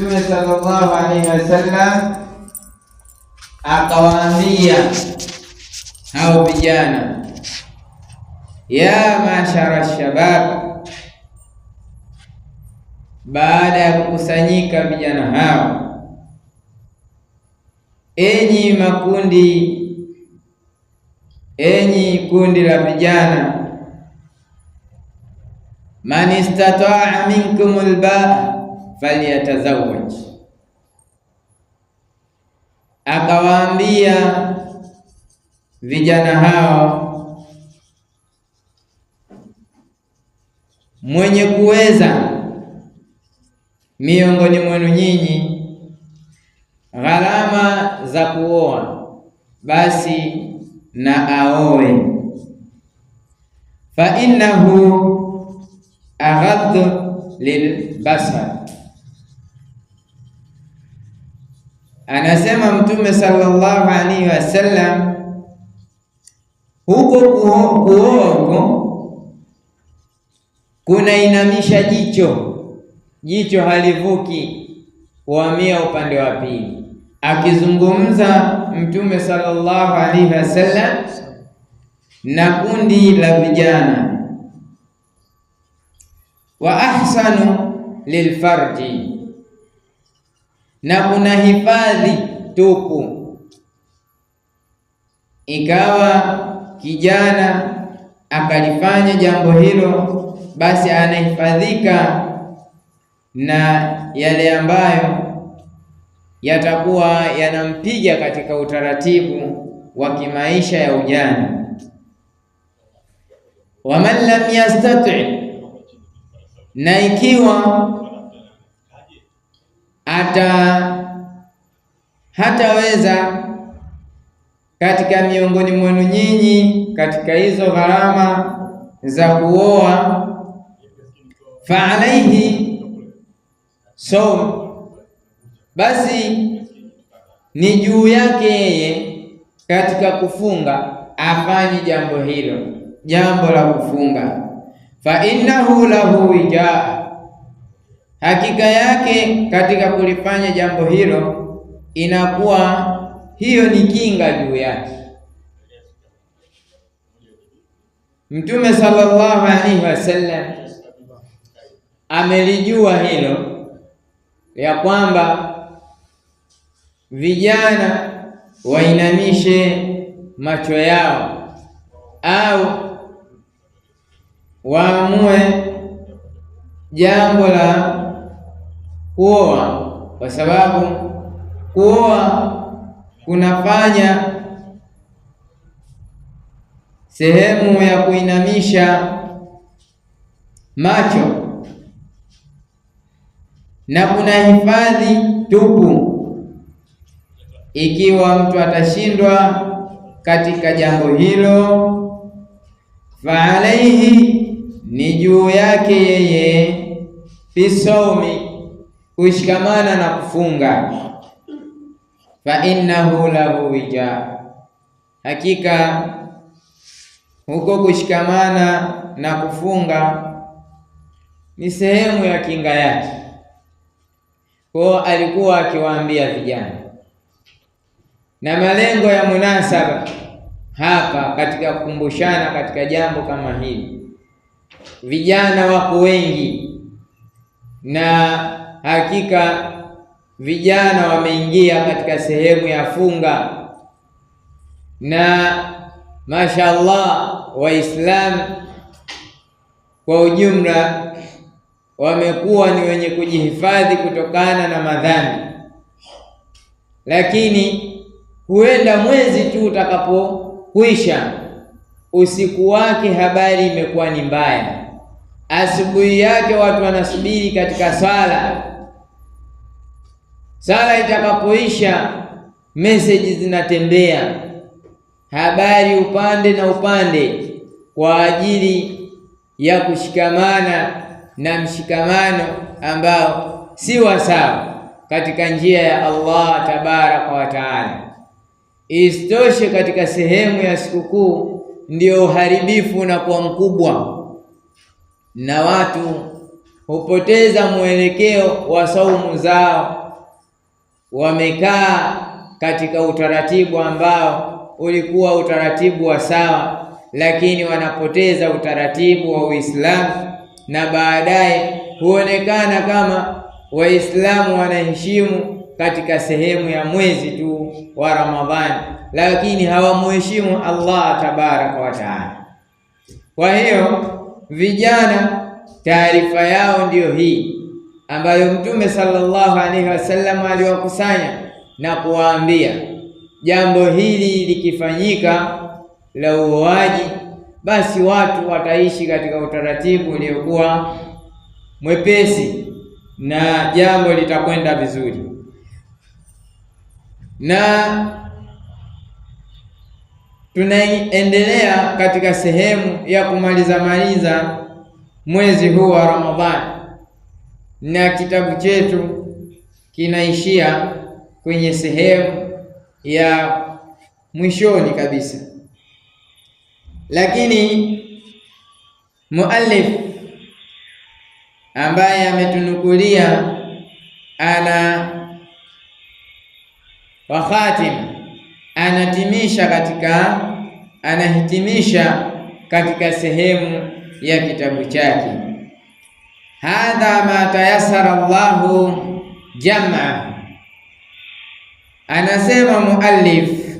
Mtume sallallahu alaihi wasallam akawaambia hao vijana, ya mashara shabab, baada ya kukusanyika vijana hao, enyi makundi, enyi kundi la vijana, man istataa minkum alba falyatazawaj, akawaambia vijana hao, mwenye kuweza miongoni mwenu nyinyi gharama za kuoa basi na aoe, fa innahu aghaddu lilbasar Anasema Mtume sallallahu alaihi wasallam, huko kuoa huko kunainamisha jicho, jicho halivuki huamia upande wa pili. Akizungumza Mtume sallallahu alaihi wasallam na kundi la vijana, wa ahsanu lilfarji na hifadhi tupu. Ikawa kijana akalifanya jambo hilo, basi anahifadhika na yale ambayo yatakuwa yanampiga katika utaratibu wa kimaisha ya ujana. Waman lam yastati, na ikiwa ata hataweza katika miongoni mwenu nyinyi katika hizo gharama za kuoa, fa alaihi so, basi ni juu yake yeye katika kufunga afanye jambo hilo, jambo la kufunga, fa innahu lahu wijaa Hakika yake katika kulifanya jambo hilo inakuwa hiyo ni kinga juu yake. Mtume sallallahu alaihi wasallam amelijua hilo ya kwamba vijana wainamishe macho yao au waamue jambo la kuoa, kwa sababu kuoa kunafanya sehemu ya kuinamisha macho na kuna hifadhi tupu ikiwa mtu atashindwa katika jambo hilo, fa alaihi, ni juu yake yeye, fi kushikamana na kufunga, fa innahu lahu wija, hakika huko kushikamana na kufunga ni sehemu ya kinga yake. Kwao alikuwa akiwaambia vijana, na malengo ya munasaba hapa katika kukumbushana katika jambo kama hili, vijana wako wengi na hakika vijana wameingia katika sehemu ya funga, na mashallah Waislamu kwa ujumla wamekuwa ni wenye kujihifadhi kutokana na madhambi, lakini huenda mwezi tu utakapokwisha usiku wake habari imekuwa ni mbaya asubuhi yake watu wanasubiri katika sala Swala itakapoisha, meseji zinatembea, habari upande na upande, kwa ajili ya kushikamana na mshikamano ambao si wa sawa katika njia ya Allah tabaraka wa taala. Isitoshe, katika sehemu ya sikukuu ndio uharibifu unakuwa mkubwa na watu hupoteza mwelekeo wa saumu zao, wamekaa katika utaratibu ambao ulikuwa utaratibu wa sawa, lakini wanapoteza utaratibu wa Uislamu, na baadaye huonekana kama Waislamu wanaheshimu katika sehemu ya mwezi tu wa Ramadhani, lakini hawamuheshimu Allah tabaraka wa taala. Kwa hiyo vijana taarifa yao ndiyo hii ambayo Mtume sallallahu alaihi wasallam aliwakusanya na kuwaambia, jambo hili likifanyika la uoaji, basi watu wataishi katika utaratibu uliokuwa mwepesi na jambo litakwenda vizuri na Tunaendelea katika sehemu ya kumaliza maliza mwezi huu wa Ramadhani na kitabu chetu kinaishia kwenye sehemu ya mwishoni kabisa, lakini muallif ambaye ametunukulia ana wakhatim anatimisha katika anahitimisha katika sehemu ya kitabu chake, hadha ma tayassara Allahu jamaa. Anasema muallif,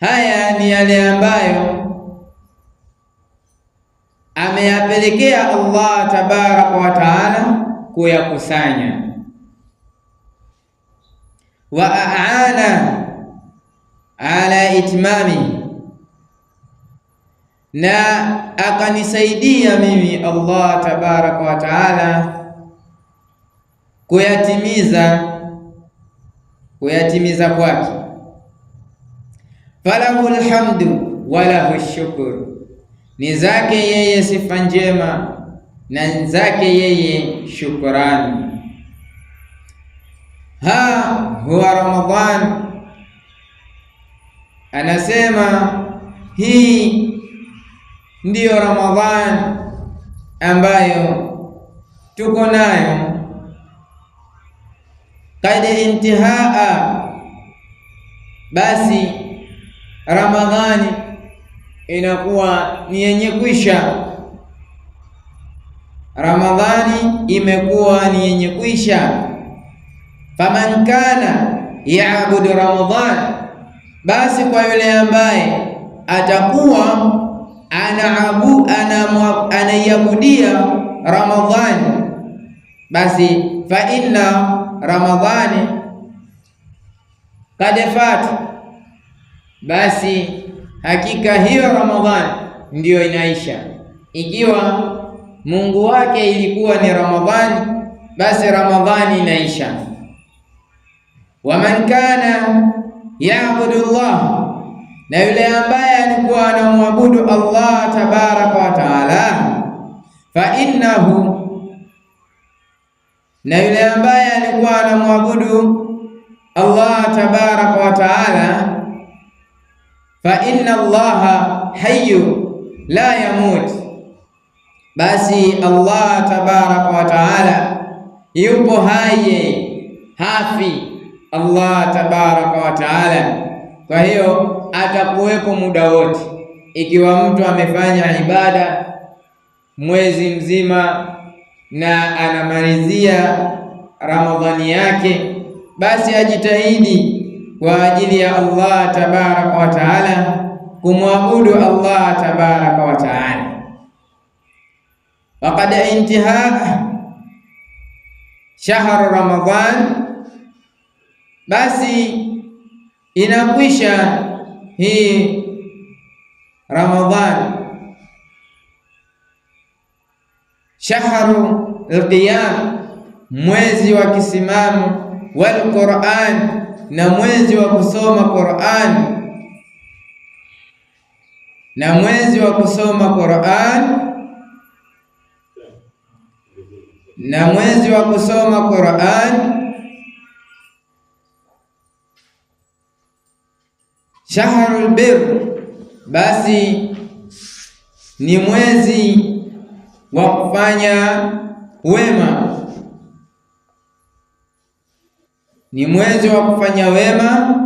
haya ni yale ambayo ameyapelekea Allah tabaraka wa taala kuyakusanya wa aana ala itmami, na akanisaidia mimi Allah tabaraka wa taala kuyatimiza kuyatimiza kwake. Falahu lhamdu walahu shukuru, ni zake yeye sifa njema na zake yeye shukurani ha huwa Ramadhan. Anasema hii ndiyo Ramadhan ambayo tuko nayo, kad intihaa, basi Ramadhani inakuwa ni yenye kwisha. Ramadhani imekuwa ni yenye kwisha faman kana yaabudu Ramadhan, basi kwa yule ambaye atakuwa anaabu anaiabudia Ramadhani, basi fa inna Ramadhani kad fat, basi hakika hiyo Ramadhani ndiyo inaisha. Ikiwa Mungu wake ilikuwa ni Ramadhani, basi Ramadhani inaisha waman kana yaabudu Allah, na yule ambaye alikuwa anamwabudu Allah tabaraka wa taala, fa innahu, na yule ambaye alikuwa anamwabudu Allah tabaraka wa taala, fa inna Allaha hayyu la yamut, basi Allah tabaraka wa taala yupo hai hafi Allah tabaraka wa taala. Kwa hiyo atakuwepo muda wote, ikiwa mtu amefanya ibada mwezi mzima na anamalizia Ramadhani yake, basi ajitahidi kwa ajili ya Allah tabaraka wa taala kumwabudu Allah tabaraka wa taala. Faqad intihaa shahru ramadhani basi inakwisha hii Ramadhani, shahru alqiyam, mwezi wa kisimamu wal Qur'an, na mwezi wa kusoma Qur'an, na mwezi wa kusoma Qur'an, na mwezi wa kusoma Qur'an shahrul bir, basi ni mwezi wa kufanya wema, ni mwezi wa kufanya wema,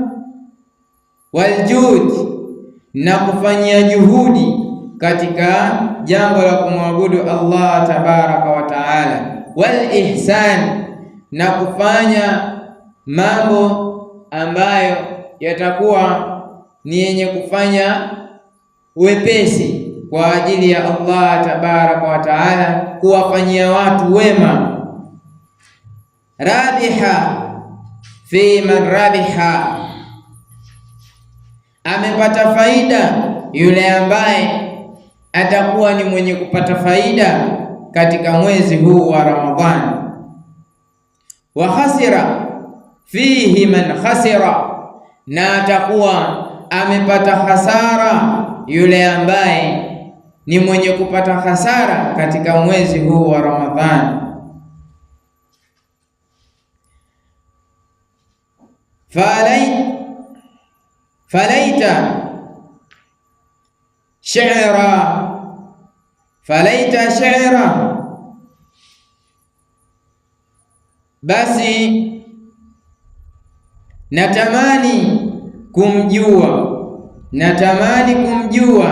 waljud, na kufanyia juhudi katika jambo la kumwabudu Allah tabaraka wa taala, wal ihsan, na kufanya mambo ambayo yatakuwa ni yenye kufanya wepesi kwa ajili ya Allah tabaraka wa taala kuwafanyia watu wema. Rabiha fi man rabiha, amepata faida yule ambaye atakuwa ni mwenye kupata faida katika mwezi huu wa Ramadhani. Wa khasira fihi man khasira, na atakuwa amepata hasara yule ambaye ni mwenye kupata hasara katika mwezi huu wa Ramadhani. falaita shi'ra falaita shi'ra, basi natamani kumjua, natamani kumjua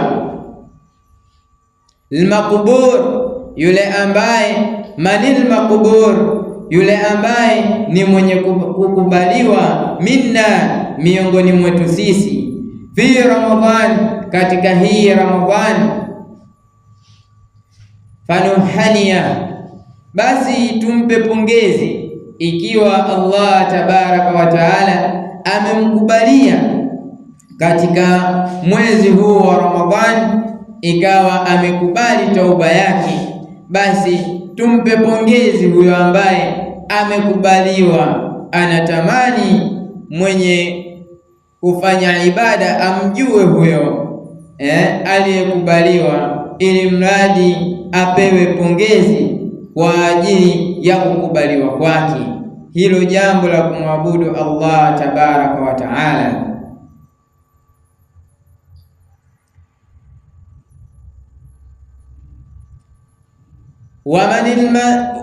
lmaqbur, yule ambaye manil maqbur, yule ambaye ni mwenye kukubaliwa, minna, miongoni mwetu sisi, fi Ramadhan, katika hii Ramadhan, fanuhania, basi tumpe pongezi ikiwa Allah tabaraka wa taala amemkubalia katika mwezi huu wa Ramadhani, ikawa amekubali tauba yake, basi tumpe pongezi huyo ambaye amekubaliwa. Anatamani mwenye kufanya ibada amjue huyo eh, aliyekubaliwa, ili mradi apewe pongezi kwa ajili ya kukubaliwa kwake hilo jambo la kumwabudu Allah tabaraka wa taala.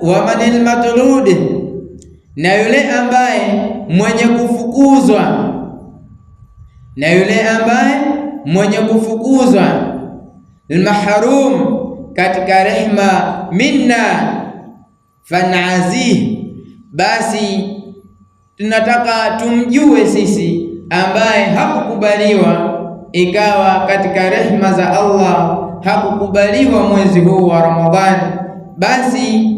Wamanil matludi, na yule ambaye mwenye kufukuzwa, na yule ambaye mwenye kufukuzwa lmahrum katika rehma minna fanazih basi tunataka tumjue sisi ambaye hakukubaliwa ikawa katika rehma za Allah hakukubaliwa mwezi huu wa Ramadhani, basi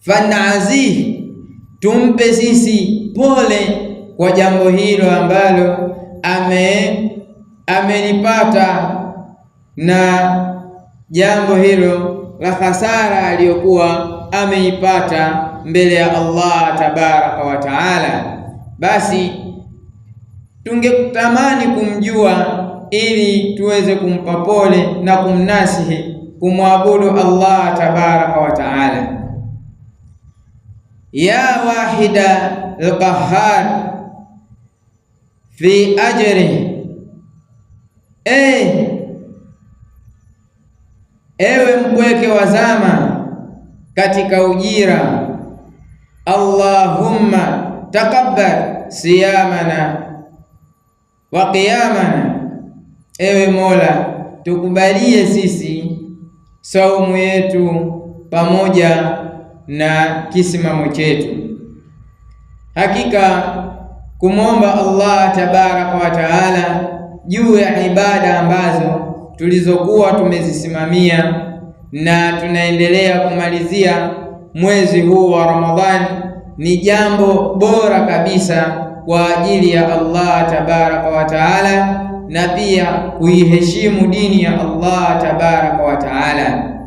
fanazihi, tumpe sisi pole kwa jambo hilo ambalo ame amelipata na jambo hilo la hasara aliyokuwa ameipata mbele ya Allah tabaraka wa taala, basi tungetamani kumjua ili tuweze kumpa pole na kumnasihi kumwabudu Allah tabaraka wa taala. Ya wahida alqahhar fi ajri e, ewe mpweke wa zama katika ujira Allahumma taqabbal siyamana wa qiyamana, ewe Mola tukubalie sisi saumu yetu pamoja na kisimamo chetu. Hakika kumwomba Allah tabaraka wa taala juu ya ibada ambazo tulizokuwa tumezisimamia na tunaendelea kumalizia mwezi huu wa Ramadhani ni jambo bora kabisa kwa ajili ya Allah tabaraka wa taala, na pia kuiheshimu dini ya Allah tabaraka wa taala.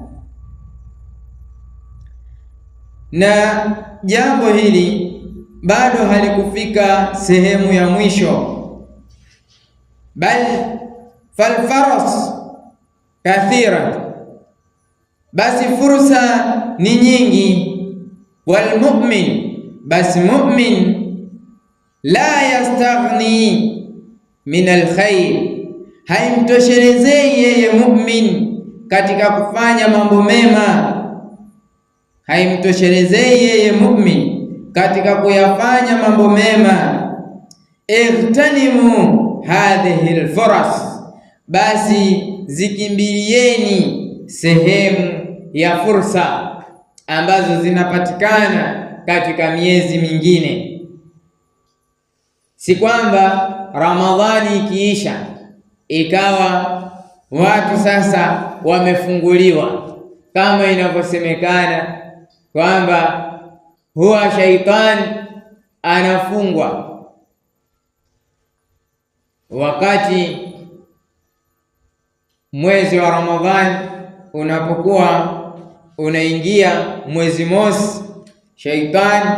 Na jambo hili bado halikufika sehemu ya mwisho, bal falfaras kathira basi fursa ni nyingi. Walmumin, basi mumin la yastaghni min alkhair, haimtoshelezei yeye mumin katika kufanya mambo mema, haimtoshelezei yeye mumin katika kuyafanya mambo mema. Ightanimu hadhihi alfuras, basi zikimbilieni sehemu ya fursa ambazo zinapatikana katika miezi mingine. Si kwamba Ramadhani ikiisha ikawa watu sasa wamefunguliwa, kama inavyosemekana kwamba huwa shaitani anafungwa wakati mwezi wa Ramadhani unapokuwa unaingia mwezi mosi, shaitani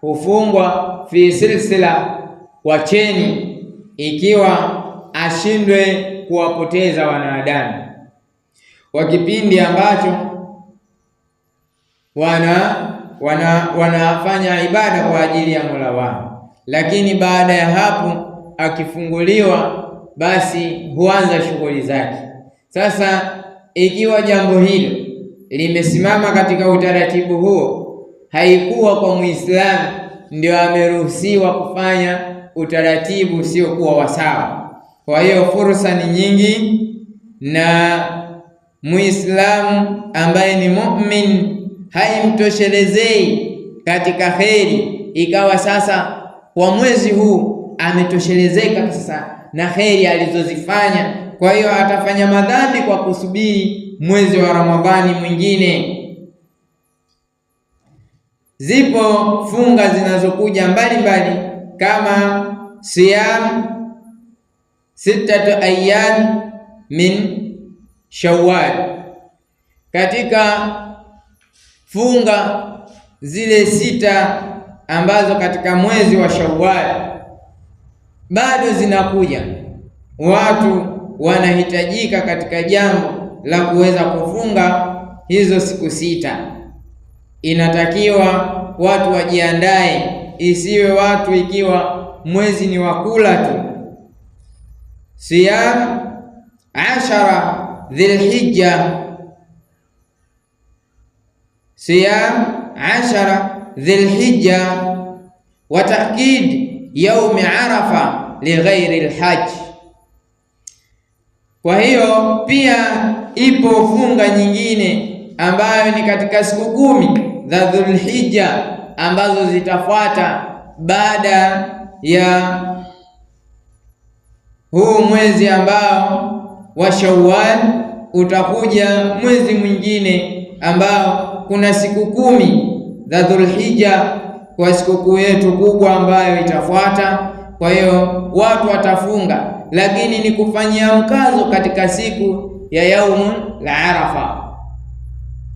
hufungwa fi silsila kwa cheni, ikiwa ashindwe kuwapoteza wanadamu kwa kipindi ambacho wana wana wanafanya ibada kwa ajili ya Mola wao, lakini baada ya hapo akifunguliwa, basi huanza shughuli zake. Sasa ikiwa jambo hilo limesimama katika utaratibu huo, haikuwa kwa Muislamu ndio ameruhusiwa kufanya utaratibu usiokuwa wasawa. Kwa hiyo fursa ni nyingi, na Muislamu ambaye ni mumin haimtoshelezei katika kheri, ikawa sasa kwa mwezi huu ametoshelezeka sasa na kheri alizozifanya kwa hiyo atafanya madhambi kwa kusubiri mwezi wa Ramadhani mwingine. Zipo funga zinazokuja mbalimbali kama siyam sittatu ayyam min Shawwal, katika funga zile sita ambazo katika mwezi wa Shawwal bado zinakuja watu wanahitajika katika jambo la kuweza kufunga hizo siku sita. Inatakiwa watu wajiandae, isiwe watu ikiwa mwezi ni wakula tu. Siyam ashara Dhilhijja, siyam ashara Dhilhijja wa taakid yaumi Arafa lighairi lhaji kwa hiyo pia ipo funga nyingine ambayo ni katika siku kumi za Dhulhijja ambazo zitafuata baada ya huu mwezi ambao wa Shawwal, utakuja mwezi mwingine ambao kuna siku kumi za Dhulhijja kwa sikukuu yetu kubwa ambayo itafuata. Kwa hiyo watu watafunga lakini ni kufanyia mkazo katika siku ya la Arafa.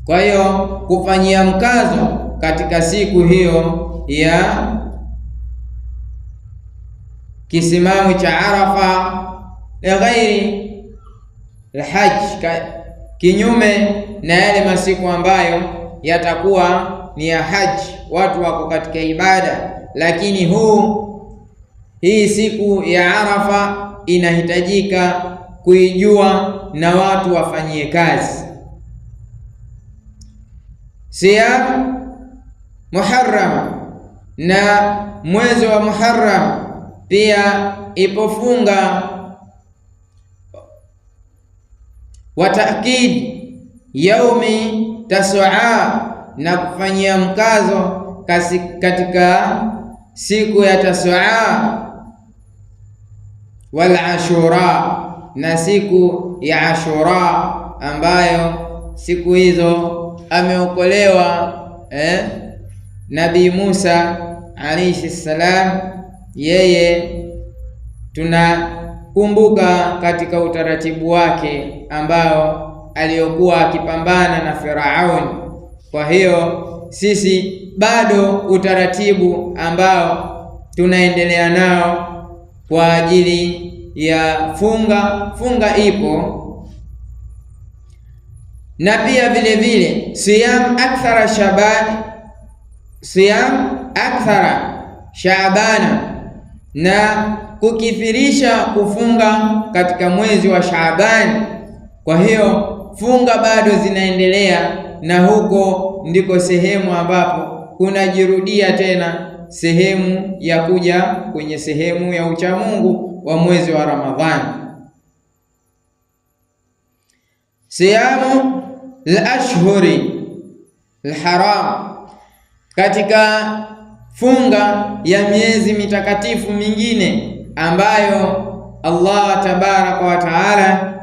Kwa hiyo kufanyia mkazo katika siku hiyo ya kisimamu cha Arafa, lighairi lhaji, kinyume na yale masiku ambayo yatakuwa ni ya haji, watu wako katika ibada, lakini huu hii siku ya Arafa inahitajika kuijua na watu wafanyie kazi. Siyam Muharram, na mwezi wa Muharram pia ipofunga wa taakid yaumi tasua, na kufanyia mkazo katika siku ya tasua wal ashura, na siku ya Ashura ambayo siku hizo ameokolewa eh, Nabii Musa alaihi salam. Yeye tunakumbuka katika utaratibu wake ambao aliyokuwa akipambana na Firauni. Kwa hiyo sisi bado utaratibu ambao tunaendelea nao kwa ajili ya funga. Funga ipo na pia vile vile siyam akthara shaban, siyam akthara shabana, na kukithirisha kufunga katika mwezi wa Shabani. Kwa hiyo funga bado zinaendelea, na huko ndiko sehemu ambapo kunajirudia tena sehemu ya kuja kwenye sehemu ya uchamungu wa mwezi wa Ramadhani. Siyamu al-ashhuri al-haram, katika funga ya miezi mitakatifu mingine ambayo Allah tabaraka wa taala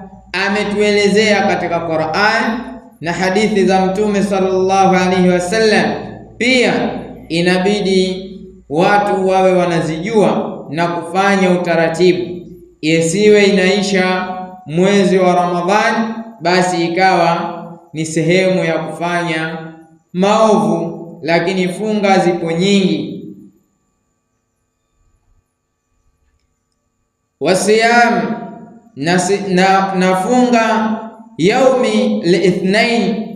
ametuelezea katika Qur'an na hadithi za Mtume sallallahu alaihi wasallam, pia inabidi watu wawe wanazijua na kufanya utaratibu, isiwe inaisha mwezi wa Ramadhani basi ikawa ni sehemu ya kufanya maovu. Lakini funga zipo nyingi, wasiyam na, na, na funga yaumi lithnain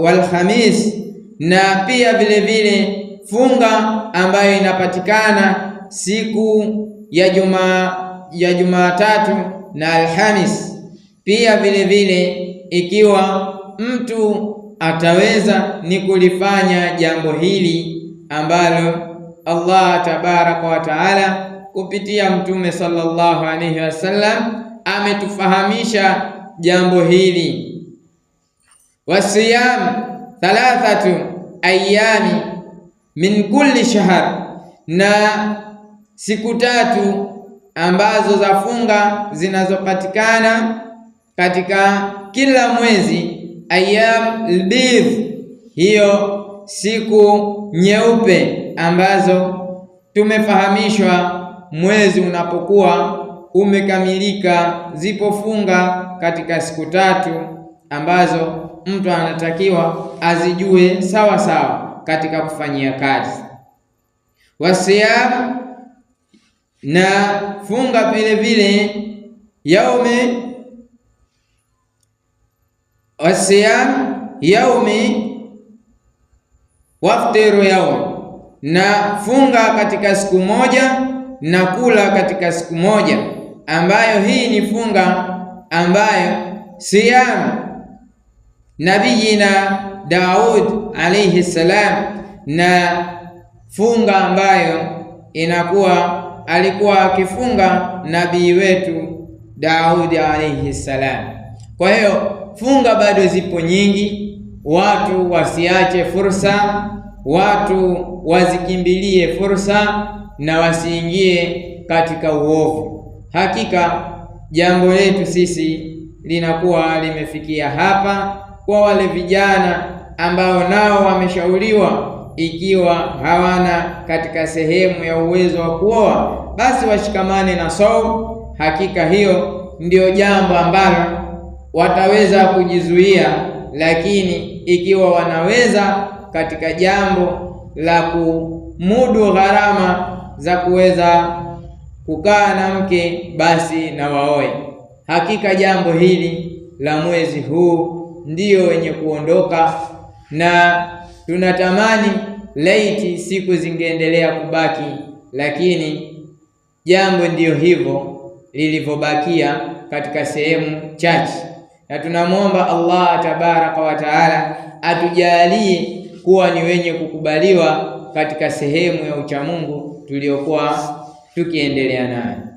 walkhamis wal na pia vilevile funga ambayo inapatikana siku ya juma ya Jumatatu na Alhamis. Pia vile vile, ikiwa mtu ataweza ni kulifanya jambo hili ambalo Allah tabaraka wa taala kupitia Mtume sallallahu alaihi wasallam ametufahamisha jambo hili. Wasiyam thalathatu ayami min kulli shahr, na siku tatu ambazo za funga zinazopatikana katika kila mwezi, ayyam albidh, hiyo siku nyeupe ambazo tumefahamishwa mwezi unapokuwa umekamilika, zipo funga katika siku tatu ambazo mtu anatakiwa azijue sawa sawa katika kufanyia kazi. Wasiyam na funga vile vile yaume wasiyam yaumi waftiru yaumi, na funga katika siku moja na kula katika siku moja, ambayo hii ni funga ambayo siyamu nabiyina Daud alaihi salam, na funga ambayo inakuwa alikuwa akifunga nabii wetu Daudi alaihi salam. Kwa hiyo funga bado zipo nyingi, watu wasiache fursa, watu wazikimbilie fursa na wasiingie katika uovu. Hakika jambo letu sisi linakuwa limefikia hapa kwa wale vijana ambao nao wameshauriwa ikiwa hawana katika sehemu ya uwezo wa kuoa, basi washikamane na saumu. Hakika hiyo ndiyo jambo ambalo wataweza kujizuia, lakini ikiwa wanaweza katika jambo la kumudu gharama za kuweza kukaa na mke, basi na waoe. Hakika jambo hili la mwezi huu ndiyo wenye kuondoka na tunatamani laiti siku zingeendelea kubaki, lakini jambo ndiyo hivyo lilivyobakia katika sehemu chache, na tunamwomba Allah tabaraka wa taala atujalie kuwa ni wenye kukubaliwa katika sehemu ya uchamungu tuliokuwa tukiendelea nayo.